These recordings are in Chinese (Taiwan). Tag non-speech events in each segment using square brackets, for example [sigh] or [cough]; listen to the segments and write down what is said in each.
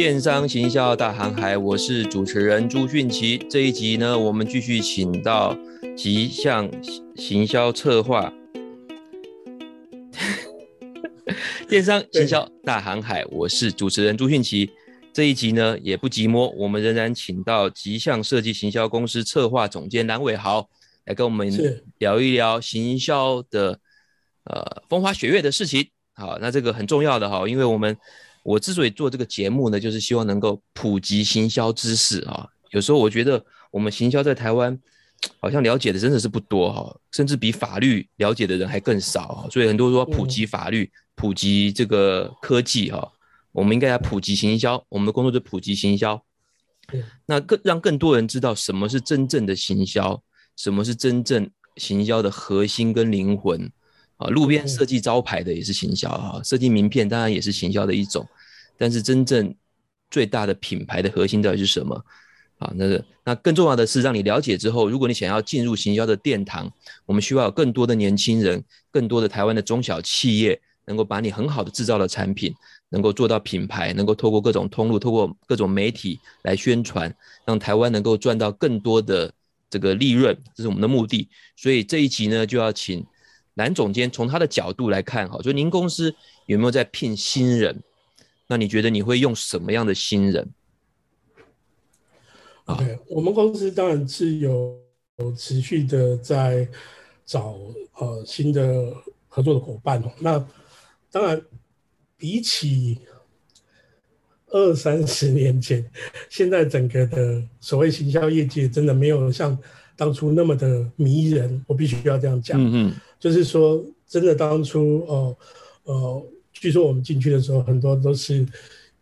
電商行銷大航海，我是主持人朱迅奇。這一集呢，我們繼續請到極象行銷策劃。 [laughs] 電商行銷大航海，我是主持人朱迅奇。對這一集呢，也不寂寞，我們仍然請到極象設計行銷公司策劃總監藍偉豪來跟我們聊一聊行銷的是呃風花雪月的事情。好，那這個很重要的哈，因為我們。我之所以做這個節目呢，就是希望能夠普及行銷知識啊。有時候我覺得我們行銷在台灣好像了解的真的是不多哈、啊，甚至比法律了解的人還更少啊。所以很多說普及法律、嗯、普及這個科技哈、啊，我們應該要普及行銷。我們的工作是普及行銷，嗯、那更讓更多人知道什麼是真正的行銷，什麼是真正行銷的核心跟靈魂啊。路邊設計招牌的也是行銷啊，嗯、設計名片當然也是行銷的一種。但是真正最大的品牌的核心到底是什麼？好，那個那更重要的是讓你了解之後，如果你想要進入行銷的殿堂，我們需要有更多的年輕人，更多的台灣的中小企業能夠把你很好的制造的產品，能夠做到品牌，能夠透過各種通路，透過各種媒體來宣傳，讓台灣能夠賺到更多的這個利潤，這是我們的目的。所以這一集呢，就要請藍總監從他的角度來看，哈，就您公司有沒有在聘新人？那你覺得你會用什麼樣的新人？啊，okay, 我們公司當然是有持續的在找呃新的合作的夥伴。那當然，比起二三十年前，現在整個的所謂行銷業界真的沒有像當初那麼的迷人。我必須要這樣講，嗯嗯，就是說真的當初哦，哦、呃。呃據說我們進去的時候，很多都是，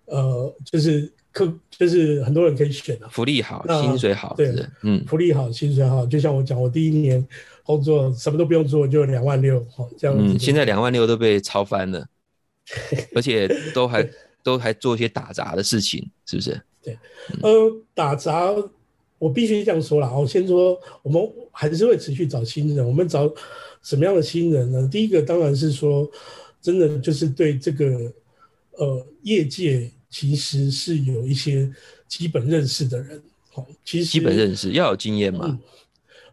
呃，就是客，就是很多人可以選的福利好，那薪水好，對，嗯，福利好，薪水好。就像我講，嗯、我第一年工作什麼都不用做，就兩萬六，好這樣子。嗯、現在兩萬六都被超翻了， [laughs] 而且都還對都還做一些打雜的事情，是不是？對，嗯、呃，打雜，我必須這樣說啦。我、哦、先說，我們還是會持續找新人。我們找什麼樣的新人呢？第一個當然是說。真的就是對這個，呃，業界其實是有一些基本認識的人，好，其實基本認識要有經驗嘛、嗯？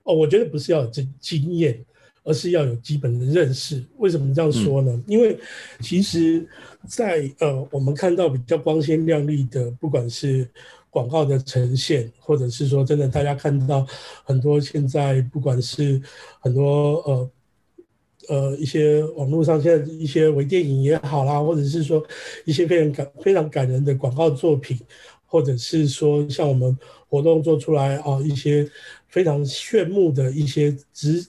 哦，我覺得不是要有經經驗，而是要有基本的認識。為什麼這樣說呢？嗯、因為其實在，在呃，我們看到比較光鮮亮麗的，不管是廣告的呈現，或者是說真的，大家看到很多現在不管是很多呃，呃，一些網絡上現在一些微電影也好啦，或者是說一些非常感非常感人的廣告作品，或者是說像我們活動做出來啊、呃，一些非常炫目的一些執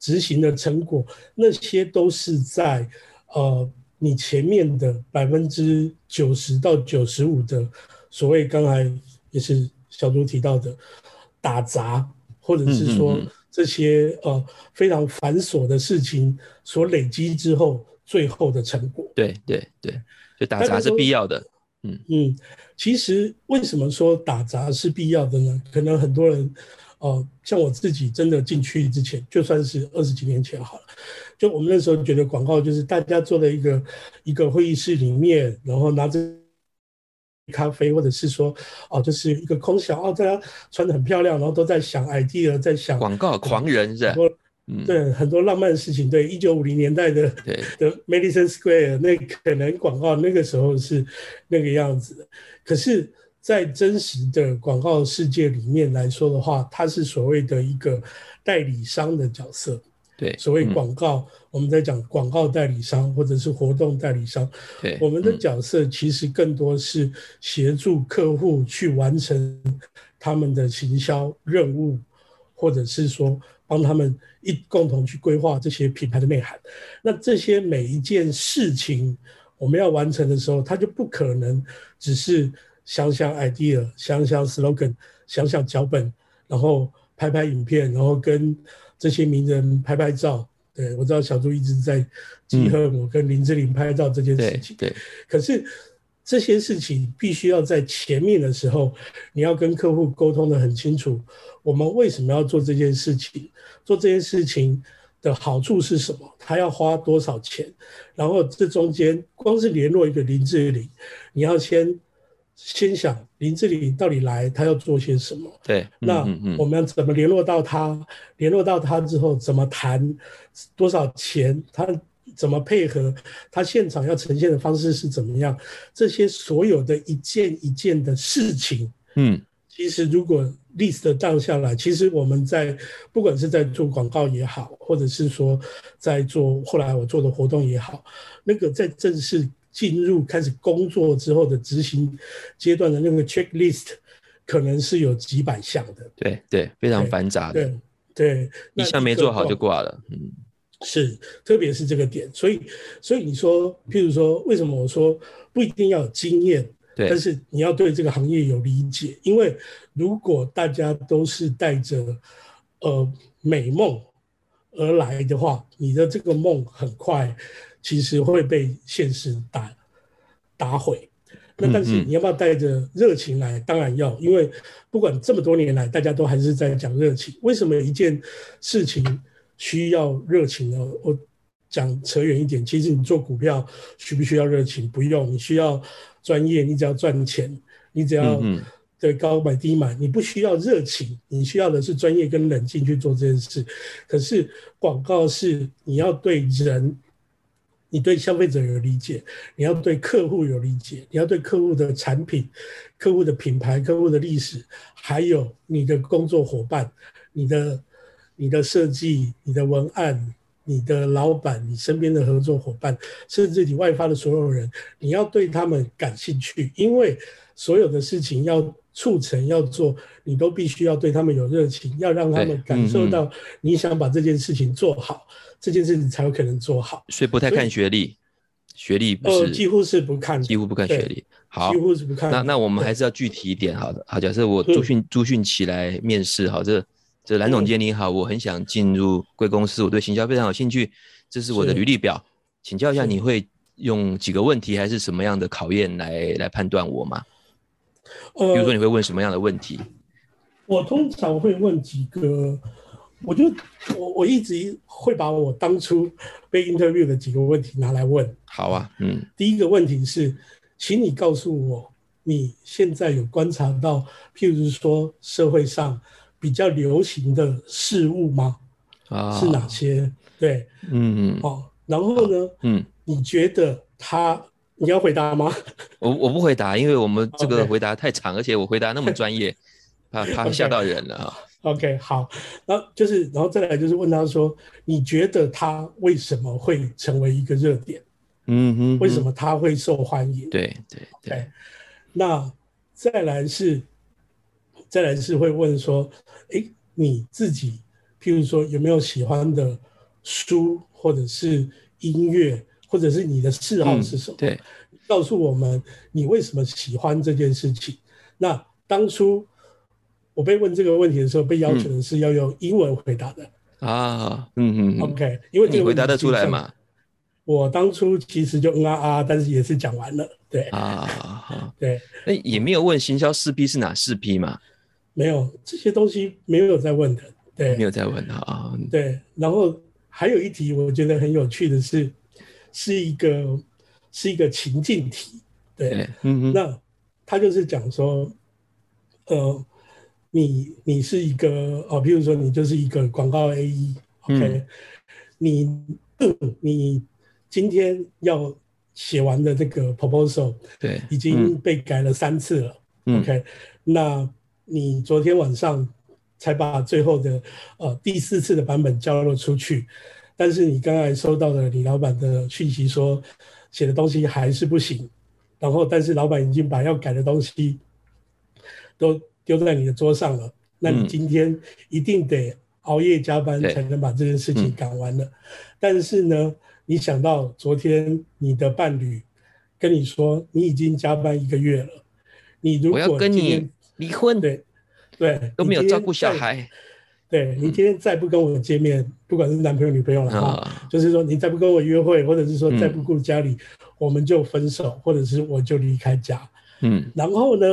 執行的成果，那些都是在呃你前面的百分之九十到九十五的所謂剛才也是小朱提到的打雜，或者是說。嗯嗯嗯這些呃非常繁瑣的事情所累積之後，最後的成果。對對對，就打雜是必要的。嗯嗯，其實為什麼說打雜是必要的呢？可能很多人，呃，像我自己真的進去之前，就算是二十幾年前好了，就我們那時候覺得廣告就是大家坐在一個一個會議室裡面，然後拿着。咖啡，或者是說，哦，就是一個空想哦，大家穿得很漂亮，然後都在想 idea，在想廣告狂人是吧？嗯，對，很多浪漫的事情。對，一九五零年代的對的 Madison Square 那可能廣告那個時候是那個樣子的。可是，在真實的廣告世界裡面來說的話，它是所謂的一個代理商的角色。對，所謂廣告。嗯我們在講廣告代理商或者是活動代理商，對、嗯、我們的角色其實更多是協助客戶去完成他們的行銷任務，或者是說幫他們一共同去規劃這些品牌的內涵。那這些每一件事情我們要完成的時候，他就不可能只是想想 idea，想想 slogan，想想腳本，然後拍拍影片，然後跟這些名人拍拍照。對，我知道小朱一直在記恨我跟林志玲拍照這件事情。嗯、對對，可是這些事情必須要在前面的時候，你要跟客戶溝通得很清楚，我們為什麼要做這件事情？做這件事情的好處是什麼？他要花多少錢？然後這中間光是聯絡一個林志玲，你要先。先想林志玲到底來，他要做些什麼？對，嗯嗯嗯、那我們要怎麼聯絡到他？聯絡到他之後怎麼談？多少錢？他怎麼配合？他現場要呈現的方式是怎麼樣？這些所有的一件一件的事情，嗯，其實如果 list down 下來，其實我們在不管是在做廣告也好，或者是說在做後來我做的活動也好，那個在正式。進入開始工作之後的執行階段的那個 checklist，可能是有幾百項的。對對，非常繁雜的。對對，對一項沒做好就掛了。嗯，是，特別是這個點。所以，所以你說，譬如說，為什麼我說不一定要有經驗？對但是你要對這個行業有理解，因為如果大家都是帶着呃美夢而來的話，你的這個夢很快。其實會被現實打打毀，那但是你要不要帶着熱情來？嗯嗯，當然要，因為不管這麼多年來，大家都還是在講熱情。為什麼有一件事情需要熱情呢？我講扯遠一點，其實你做股票需不需要熱情？不用，你需要專業，你只要賺錢，你只要嗯嗯，對高買低買，你不需要熱情，你需要的是專業跟冷靜去做這件事。可是廣告是你要對人。你對消費者有理解，你要對客戶有理解，你要對客戶的產品、客戶的品牌、客戶的歷史，還有你的工作夥伴、你的、你的設計、你的文案、你的老闆、你身邊的合作夥伴，甚至你外發的所有人，你要對他們感興趣，因為所有的事情要。促成要做，你都必須要對他們有熱情，要讓他們感受到你想把這件事情做好，嗯嗯這件事情才有可能做好。所以不太看學歷，以學歷不是、呃，幾乎是不看，幾乎不看學歷。對好，幾乎是不看。那那我們還是要具體一點，好的，對好。假設我朱迅對朱迅起來面試，好，這這藍總監你好，我很想進入貴公司，我對行銷非常有興趣，這是我的履歷表，是請教一下你會用幾個問題還是什麼樣的考驗來來判斷我嗎？呃，比如說你會問什麼樣的問題？呃、我通常會問幾個，我就我我一直會把我當初被 interview 的幾個問題拿來問。好啊，嗯，第一個問題是，請你告訴我你現在有觀察到，譬如說社會上比較流行的事物嗎？啊、哦，是哪些？對，嗯嗯，好、哦，然後呢？哦、嗯，你覺得他？你要回答嗎？我我不回答，因為我們這個回答太長，Okay. 而且我回答那麼專業，啊， [laughs] 怕嚇到人了 okay. OK，好，那就是然後再來就是問他說，你覺得他為什麼會成為一個熱點？嗯哼，哼，為什麼他會受歡迎？對對對。對對 okay. 那再來是，再來是會問說，誒，你自己，譬如說有沒有喜歡的書或者是音樂？或者是你的嗜好是什麼？嗯、對，告訴我們你為什麼喜歡這件事情。那當初我被問這個問題的時候，被要求的是要用英文回答的啊、嗯。嗯嗯。O、okay, K，因為你回答的出來嘛。我當初其實就嗯啊啊，但是也是講完了。對啊，好、啊。啊啊、 [laughs] 對，那也沒有問行銷四 P 是哪四 P 嘛？沒有這些東西，沒有在問的。對，沒有在問的啊。啊對，然後還有一題，我覺得很有趣的是。是一個是一個情境題，對，嗯哼、yeah. mm，hmm. 那他就是講說，呃，你你是一個呃，比、哦、如說你就是一個廣告 AE，OK，mm hmm. okay、你、嗯、你今天要寫完的這個 proposal，對、yeah. mm，hmm. 已經被改了三次了、yeah. mm hmm.，OK，那你昨天晚上才把最後的呃第四次的版本交了出去。但是你剛才收到的李老闆的訊息說，寫的東西還是不行，然後但是老闆已經把要改的東西都丟在你的桌上了，那你今天一定得熬夜加班才能把這件事情趕完了。嗯、但是呢，你想到昨天你的伴侶跟你說，你已經加班一個月了，你如果今天跟你離婚，對對，對都沒有照顧小孩。對，你今天再不跟我見面，嗯、不管是男朋友女朋友了啊，就是說你再不跟我約會，或者是說再不顧家裡，嗯、我們就分手，或者是我就離開家。嗯，然後呢，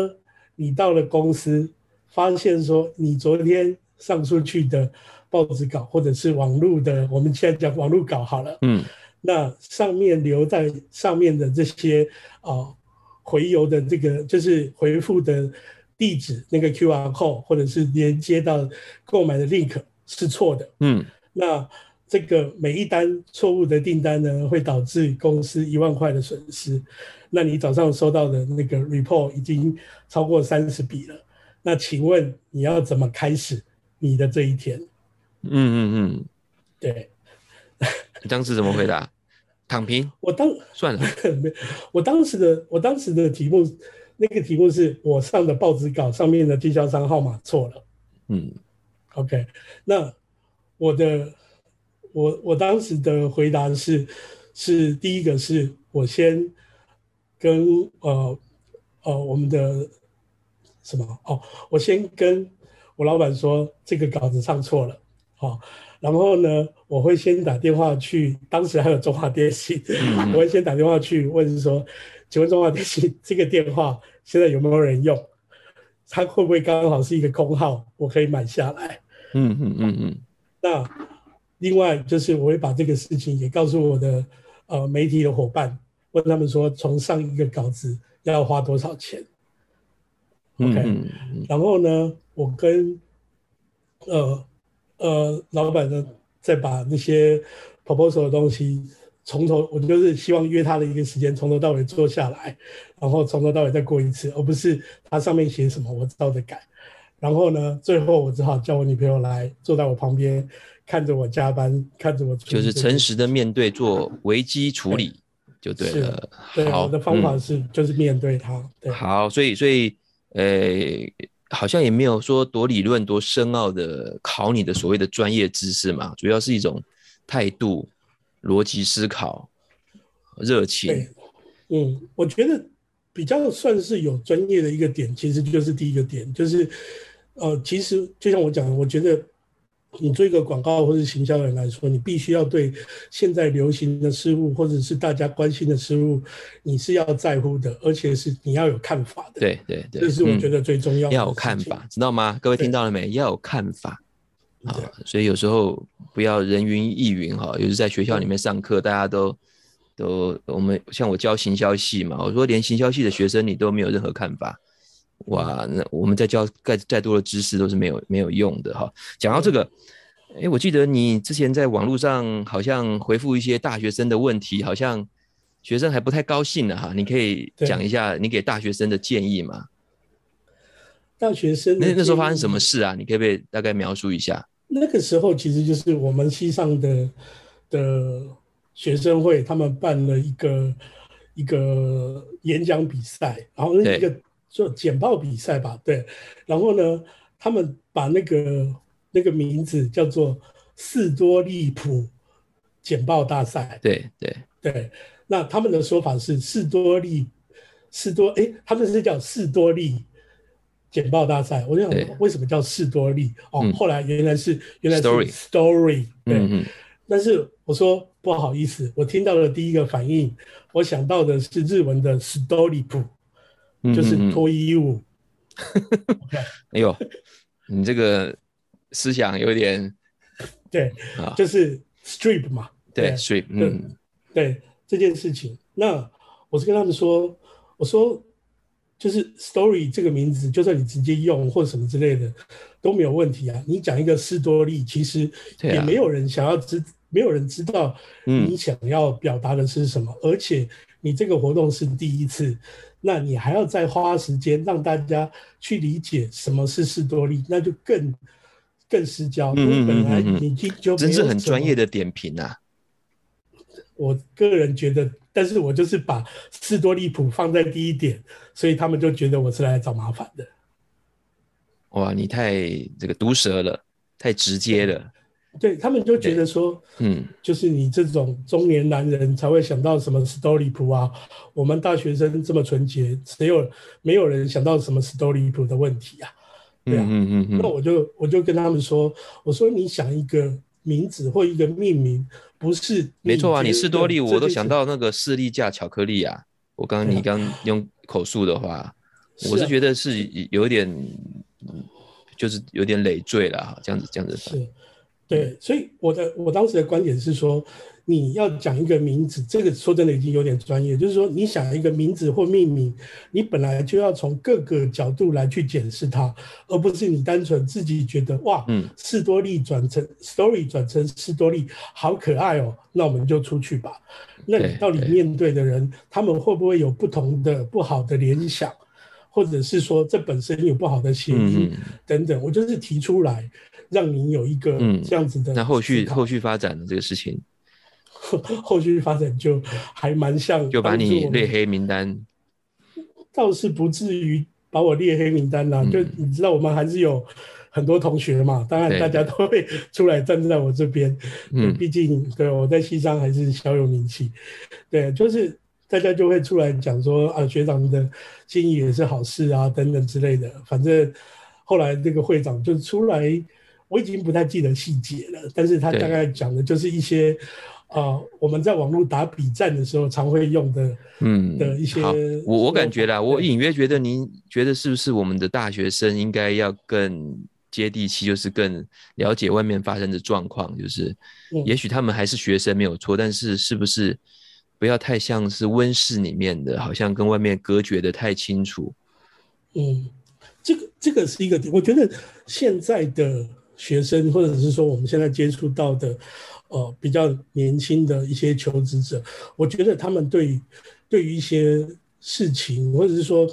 你到了公司，發現說你昨天上出去的報紙稿，或者是網絡的，我們現在講網絡稿好了。嗯，那上面留在上面的這些啊、呃，回郵的這個就是回覆的。地址那個 QR code 或者是連接到購買的 link 是錯的，嗯，那這個每一單錯誤的訂單呢，會導致公司一萬塊的損失。那你早上收到的那個 report 已經超過三十筆了，那請問你要怎麼開始你的這一天？嗯嗯嗯，對。 [laughs] 你當時怎麼回答？躺平。我當算了， [laughs] 我當時的我當時的題目。那個題目是我上的報紙稿上面的經銷商號碼錯了，嗯，OK，那我的我我當時的回答是是第一個是我先跟呃呃我們的什麼哦，我先跟我老闆說這個稿子上錯了，好、哦，然後呢，我會先打電話去，當時還有中華電信，嗯嗯 [laughs] 我會先打電話去問說。請問中華電信這個電話現在有沒有人用？它會不會剛好是一個空號？我可以買下來。嗯嗯嗯嗯。嗯嗯那另外就是我會把這個事情也告訴我的呃媒體的伙伴，問他們說從上一個稿子要花多少錢。OK、嗯。嗯、然後呢，我跟呃呃老板呢再把那些 proposal 的東西。從頭，我就是希望約他的一個時間，從頭到尾坐下來，然後從頭到尾再過一次，而不是他上面寫什麼我知道的。改。然後呢，最後我只好叫我女朋友來坐在我旁邊，看着我加班，看着我。就是誠實的面對做危機處理、嗯、就對了。對是，我的方法是就是面對他。嗯、好，所以所以誒，好像也沒有說多理論、多深奧的考你的所謂的專業知識嘛，主要是一種態度。邏輯思考，熱情。對，嗯，我覺得比較算是有專業的一個點，其實就是第一個點，就是，呃，其實就像我講的，我覺得你做一個廣告或者行銷的人來說，你必須要對現在流行的事物或者是大家關心的事物，你是要在乎的，而且是你要有看法的。對對對，對對，這是我覺得最重要的、嗯。要有看法，知道嗎？各位聽到了沒？對要有看法。啊，所以有時候不要人云亦云哈、哦。有時在學校裡面上課，大家都都我們像我教行銷系嘛，我說連行銷系的學生你都沒有任何看法，哇，那我們再教再再多的知識都是沒有沒有用的哈、哦。講到這個，哎，我記得你之前在網絡上好像回復一些大學生的問題，好像學生還不太高興呢。哈。你可以講一下你給大學生的建議嗎？大學生那個時那個時候發生什麼事啊？你可以不可以大概描述一下？那個時候其實就是我們西上的的學生會，他們辦了一個一個演講比賽，然後那個做簡報比賽吧，對，對。然後呢，他們把那個那個名字叫做“四多利普簡報大賽”，對對對。那他們的說法是四多利“四多利四多”，哎、欸，他們是叫“四多利”。簡報大賽，我就想為什麼叫士多利？哦，後來原來是原來是 story，對，但是我說不好意思，我聽到的第一個反應，我想到的是日文的 story，就是脫衣舞。沒有，你這個思想有點對，就是 strip 嘛，對 strip，嗯，對這件事情，那我是跟他們說，我說。就是 “story” 這個名字，就算你直接用或什麼之類的，都沒有問題啊。你講一個“斯多利”，其實也沒有人想要知，啊、沒有人知道你想要表達的是什麼。嗯、而且你這個活動是第一次，那你還要再花時間讓大家去理解什麼是“斯多利”，那就更更失焦。嗯，嗯，嗯，因為本來你就嗯嗯，真是很專業的點評啊。我個人覺得。但是我就是把斯多利普放在第一點，所以他們就覺得我是來找麻煩的。哇，你太這個毒舌了，太直接了。對，他們就覺得說，嗯，就是你這種中年男人才會想到什麼斯多利普啊？我們大學生這麼純潔，只有沒有人想到什麼斯多利普的問題啊？對啊，嗯，嗯嗯嗯。那我就我就跟他們說，我說你想一個。名字或一個命名不是沒錯啊，你士多利對我都想到那個士力架巧克力啊。我剛剛你剛用口述的話，嗯、我是覺得是有點，是啊嗯、就是有點累贅了，這樣子這樣子，對，嗯、所以我的我當時的觀點是說。你要講一個名字，這個說真的已經有點專業。就是說，你想一個名字或命名，你本來就要從各個角度來去檢視它，而不是你單純自己覺得哇，士嗯，斯多利轉成 story 轉成斯多利好可愛哦、喔，那我們就出去吧。欸、那你到底面對的人，欸、他們會不會有不同的不好的聯想，嗯、或者是說這本身有不好的諧音、嗯、等等？我就是提出來，讓你有一個這樣子的、嗯。那法後續後續發展的這個事情。後續發展就還蠻像，就把你列黑名單，倒是不至於把我列黑名單啦、啊。就你知道，我們還是有很多同學嘛，當然大家都會出來站在我這邊。嗯，畢竟對我在西商還是小有名氣。對，就是大家就會出來講說啊，學長的建議也是好事啊，等等之類的。反正後來那個會長就出來，我已經不太記得細節了，但是他大概講的就是一些。啊，uh, 我們在網絡打筆戰的時候，常會用的，嗯的一些。好法我我感覺啦，對我隱約覺得，您覺得是不是我們的大學生應該要更接地氣，就是更了解外面發生的狀況？就是，也許他們還是學生、嗯、沒有錯，但是是不是不要太像是溫室裡面的，好像跟外面隔絕得太清楚？嗯，這個這個是一個點，我覺得現在的。學生，或者是說我們現在接觸到的，呃，比較年輕的一些求職者，我覺得他們對對於一些事情，或者是說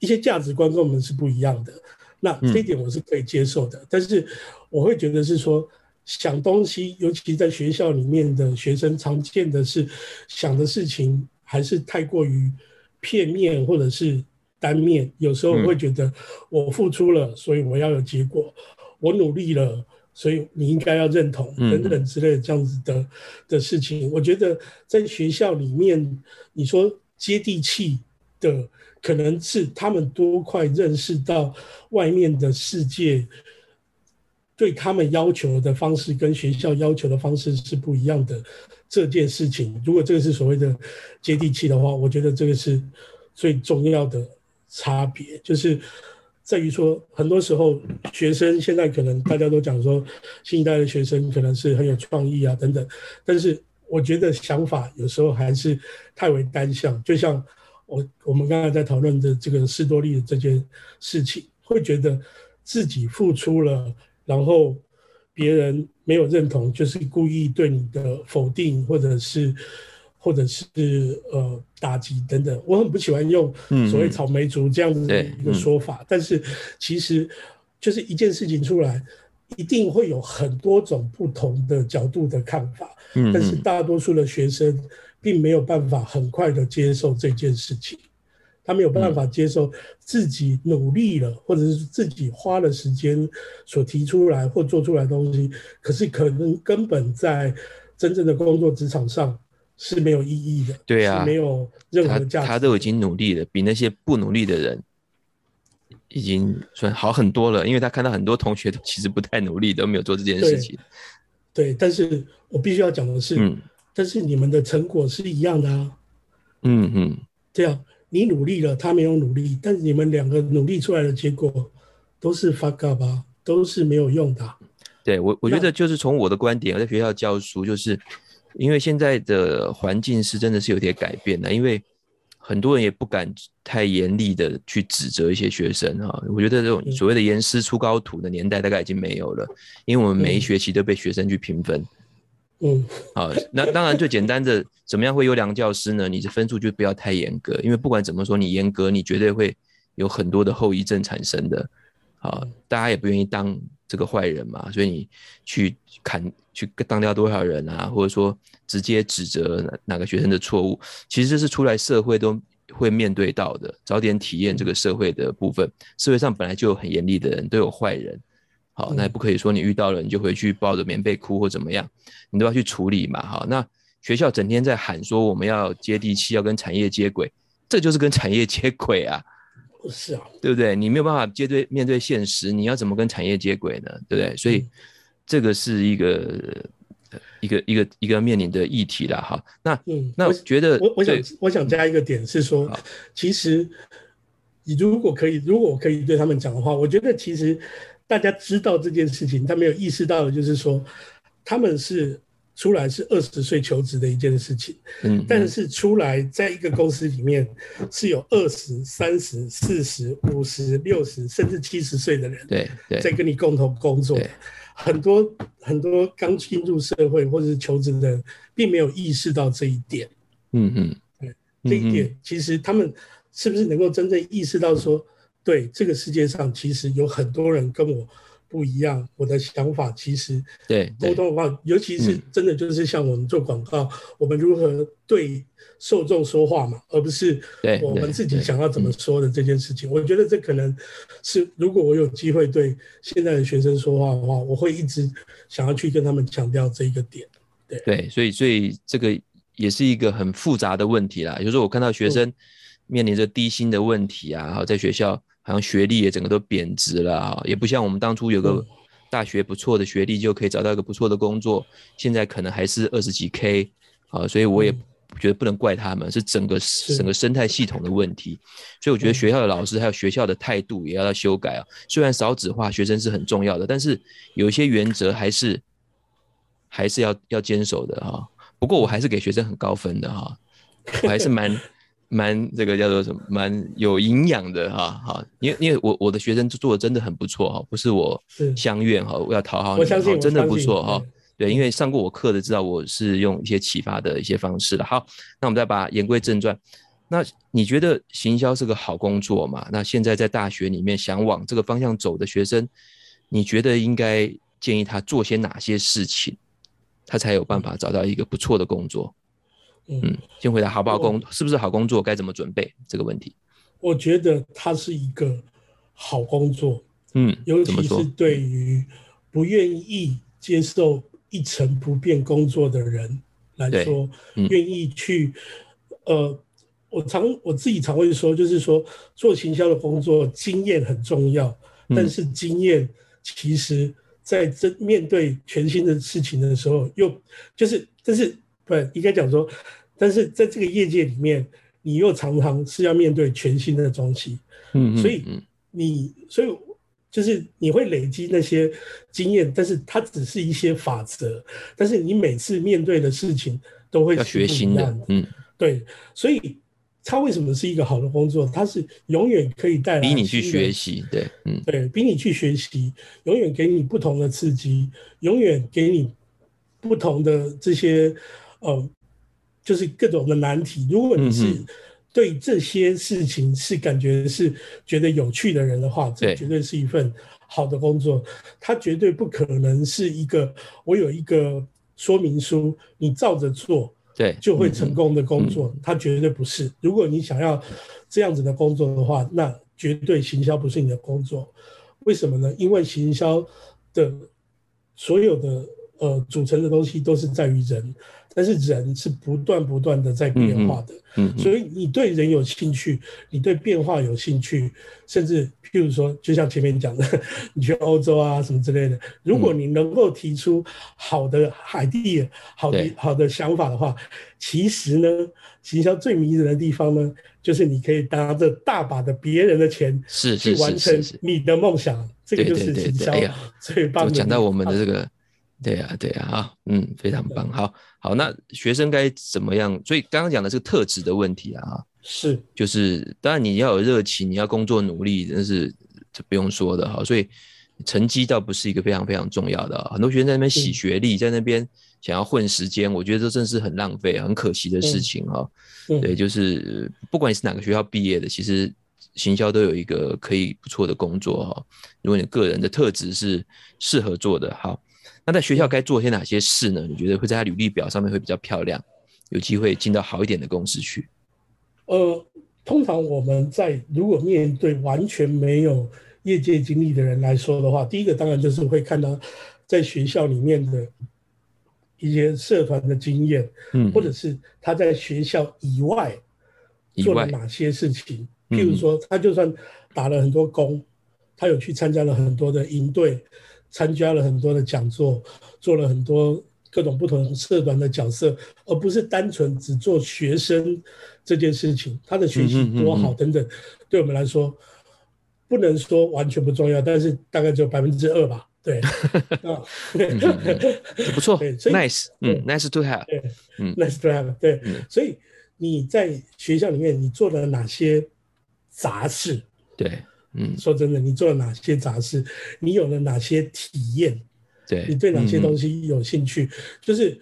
一些價值觀跟我們是不一樣的，那這一點我是可以接受的，嗯。但是我會覺得是說想東西，尤其在學校裡面的學生，常見的是想的事情還是太過於片面，或者是單面。有時候會覺得我付出了，所以我要有結果。嗯我努力了，所以你應該要認同等等之類的這樣子的、嗯、的事情。我覺得在學校裡面，你說接地氣的，可能是他們多快認識到外面的世界對他們要求的方式跟學校要求的方式是不一樣的這件事情。如果這個是所謂的接地氣的話，我覺得這個是最重要的差別，就是。在於說，很多時候學生現在可能大家都講說，新一代的學生可能是很有創意啊等等，但是我覺得想法有時候還是太為單向，就像我我們剛才在討論的這個斯多利的這件事情，會覺得自己付出了，然後別人沒有認同，就是故意對你的否定，或者是。或者是呃打擊等等，我很不喜歡用所謂“草莓族”這樣子的一個說法，嗯，但是其實就是一件事情出來，一定會有很多種不同的角度的看法。嗯，但是大多數的學生並沒有辦法很快的接受這件事情，他沒有辦法接受自己努力了，或者是自己花了時間所提出來或做出來的東西，可是可能根本在真正的工作職場上，是沒有意義的，對啊，沒有任何價值的。他他都已經努力了，比那些不努力的人已經算好很多了，因為他看到很多同學其實不太努力，都沒有做這件事情。對，對，但是我必須要講的是，嗯，但是你們的成果是一樣的啊。嗯嗯，對啊，你努力了，他沒有努力，但是你們兩個努力出來的結果都是 fuck up 吧，都是沒有用的。對我，那我覺得就是從我的觀點，我在學校教書就是。因為現在的環境是真的是有點改變的，因為很多人也不敢太嚴厲的去指責一些學生哈。我覺得這種所謂的嚴師出高徒的年代大概已經沒有了，因為我們每一學期都被學生去評分。嗯，好，那當然最簡單的怎麼樣會有優良教師呢？你的分數就不要太嚴格，因為不管怎麼說你嚴格，你絕對會有很多的後遺症產生的。好，大家也不願意當。這個壞人嘛，所以你去砍去當掉多少人啊，或者說直接指責哪哪個學生的錯誤，其實這是出來社會都會面對到的。早點體驗這個社會的部分，社會上本來就有很嚴厲的人，都有壞人。好，那也不可以說你遇到了你就回去抱着棉被哭或怎麼樣，你都要去處理嘛。好，那學校整天在喊說我們要接地氣，要跟產業接軌，這就是跟產業接軌啊。是啊，對不對？你沒有辦法接對面對現實，你要怎麼跟產業接軌呢？對不對？所以、嗯、這個是一個一個一個一個面臨的議題了哈。那嗯，那我覺得我我，對我想我想加一個點是說，嗯、其實你如果可以，如果可以對他們講的話，我覺得其實大家知道這件事情，但沒有意識到的就是說他們是。出來是二十歲求職的一件事情，嗯哼，但是出來在一個公司裡面，是有二十、三十、四十、五十、六十、甚至七十歲的人，對，在跟你共同工作，很多很多剛進入社會或者是求職的人，並沒有意識到這一點，嗯嗯哼，對，這一點其實他們是不是能夠真正意識到說，對這個世界上其實有很多人跟我。不一樣，我的想法其實對溝通的話，尤其是真的就是像我們做廣告，嗯、我們如何對受眾說話嘛，而不是對我們自己想要怎麼說的這件事情。嗯、我覺得這可能是，如果我有機會對現在的學生說話的話，我會一直想要去跟他們強調這一個點。對，對所以所以這個也是一個很複雜的問題啦。就是我看到學生面臨着低薪的問題啊，然後、嗯、在學校。然後學歷也整個都貶值了啊，也不像我們當初有個大學不錯的學歷就可以找到一個不錯的工作，現在可能還是二十幾 K 啊，所以我也覺得不能怪他們，是整個整個生態系統的問題。所以我覺得學校的老師還有學校的態度也要要修改啊。雖然少子化學生是很重要的，但是有一些原則還是還是要要堅守的哈、啊。不過我還是給學生很高分的哈、啊，我還是蠻。 [laughs] 蠻這個叫做什麼？蠻有營養的哈。好、啊，因為因為我我的學生做得真的很不錯哈，不是我相願哈，是我要討好你，真的不錯哈。對，因為上過我課的知道我是用一些啟發的一些方式的。好，那我們再把言歸正傳。那你覺得行銷是個好工作嗎？那現在在大學裡面想往這個方向走的學生，你覺得應該建議他做些哪些事情，他才有辦法找到一個不錯的工作？嗯，先回答好不好工我是不是好工作？該怎麼準備這個問題？我覺得它是一個好工作，嗯，尤其是對於不願意接受一成不變工作的人來說，嗯、願意去呃，我常我自己常會說，就是說做行銷的工作經驗很重要，但是經驗其實在這面對全新的事情的時候，又就是但是不應該講說。但是在這個業界裡面，你又常常是要面對全新的東西，嗯，嗯，所以你所以就是你會累積那些經驗，但是它只是一些法則，但是你每次面對的事情都會是不一樣的，嗯，對，所以它為什麼是一個好的工作？它是永遠可以帶來的比你去學習，對，嗯對，對比你去學習，永遠給你不同的刺激，永遠給你不同的這些，呃。就是各種的難題。如果你是對這些事情是感覺是覺得有趣的人的話，嗯哼，這絕對是一份好的工作。對，它絕對不可能是一個我有一個說明書，你照着做，對，就會成功的工作。嗯哼，它絕對不是。如果你想要這樣子的工作的話，嗯、那絕對行銷不是你的工作。為什麼呢？因為行銷的所有的呃組成的東西都是在於人。但是人是不斷不斷的在變化的，嗯嗯嗯，所以你對人有興趣，你對變化有興趣，甚至譬如說，就像前面講的，你去歐洲啊什麼之類的，如果你能夠提出好的 idea 好的對好的想法的話，其實呢，行銷最迷人的地方呢，就是你可以拿着大把的別人的錢，是，是，是，是，是去完成你的夢想，對對對對，這個就是行銷最棒的地方。哎呀、怎麼講到、我們的這個。對呀、啊，對呀，啊，嗯，非常棒，好，好，那學生該怎麼樣？所以剛剛講的是個特質的問題啊，是，就是當然你要有熱情，你要工作努力，真是這不用說的哈。所以成績倒不是一個非常非常重要的，很多學生在那邊洗學歷，嗯、在那邊想要混時間，我覺得這真是很浪費、很可惜的事情哈，嗯嗯、對，就是不管你是哪個學校畢業的，其實行銷都有一個可以不錯的工作哈。如果你個人的特質是適合做的，好。他在學校該做些哪些事呢？你覺得會在他履歷表上面會比較漂亮，有機會進到好一點的公司去？呃，通常我們在如果面對完全沒有業界經歷的人來說的話，第一個當然就是會看到在學校裡面的一些社團的經驗，嗯、哼或者是他在學校以外做了以外哪些事情。嗯、哼譬如說，他就算打了很多工，他有去參加了很多的營隊。參加了很多的講座，做了很多各種不同社團的角色，而不是單純只做學生這件事情。他的學習多好等等，mm hmm, mm hmm. 對我們來說不能說完全不重要，但是大概只有百分之二吧。對，不錯，對，所以 nice，嗯、mm, nice to have，對。Mm hmm. nice to have，對。所以你在學校裡面你做了哪些雜事？對。嗯，說真的，你做了哪些雜事？你有了哪些體驗？對你對哪些東西有興趣？嗯、就是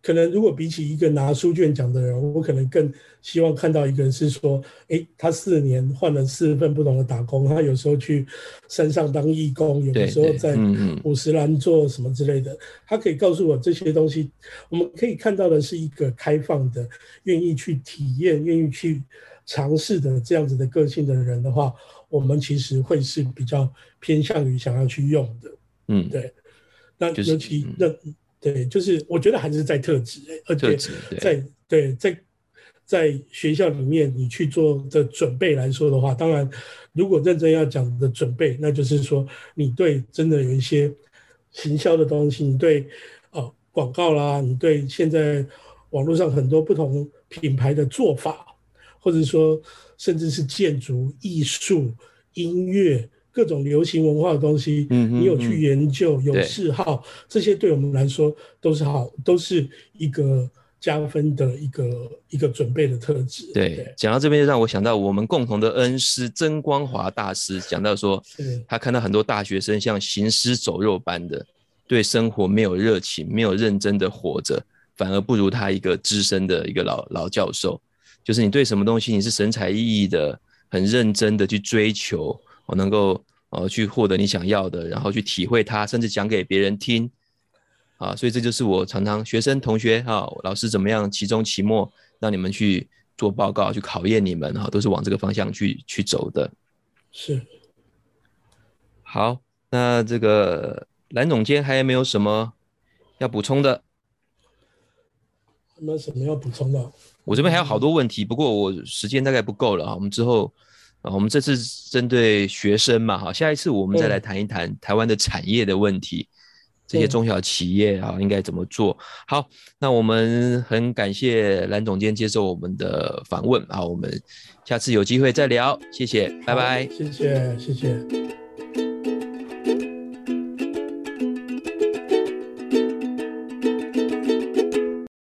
可能如果比起一個拿書卷獎的人，我可能更希望看到一個人是說，哎，他四年換了四份不同的打工，他有時候去山上當義工，對有的時候在五十蘭做什麼之類的。嗯、他可以告訴我這些東西。我們可以看到的是一個開放的、願意去體驗、願意去嘗試的這樣子的個性的人的話，我們其實會是比較偏向於想要去用的，嗯，對。那尤其、就是嗯、那對，就是我覺得還是在特質，特質而且在對，對在在學校裡面你去做的準備來說的話，當然如果認真要講的準備，那就是說你對真的有一些行銷的東西，你對哦、呃、廣告啦，你對現在網絡上很多不同品牌的做法。或者說，甚至是建築、藝術、音樂，各種流行文化的東西，嗯嗯，你有去研究、對有嗜好，這些對我們來說都是好，都是一個加分的一個一個準備的特質。對，對，講到這邊就讓我想到我們共同的恩師曾光華大師講到說，對他看到很多大學生像行屍走肉般的，對生活沒有熱情，沒有認真的活着，反而不如他一個資深的一個老老教授。就是你對什麼東西，你是神采奕奕的、很認真的去追求，我能夠呃，去獲得你想要的，然後去體會它，甚至講給別人聽啊。所以這就是我常常學生、同學哈，老師怎麼樣其其，期中、期末讓你們去做報告，去考驗你們哈，都是往這個方向去去走的。是。好，那這個藍總監還有沒有什麼要補充的？沒有什麼要補充的。我這邊還有好多問題，不過我時間大概不夠了啊。我們之後，啊，我們這次針對學生嘛，哈，下一次我們再來談一談台灣的產業的問題，對這些中小企業啊應該怎麼做？對好，那我們很感謝藍總監接受我們的訪問啊，好，我們下次有機會再聊，謝謝，好拜拜，謝謝，謝謝。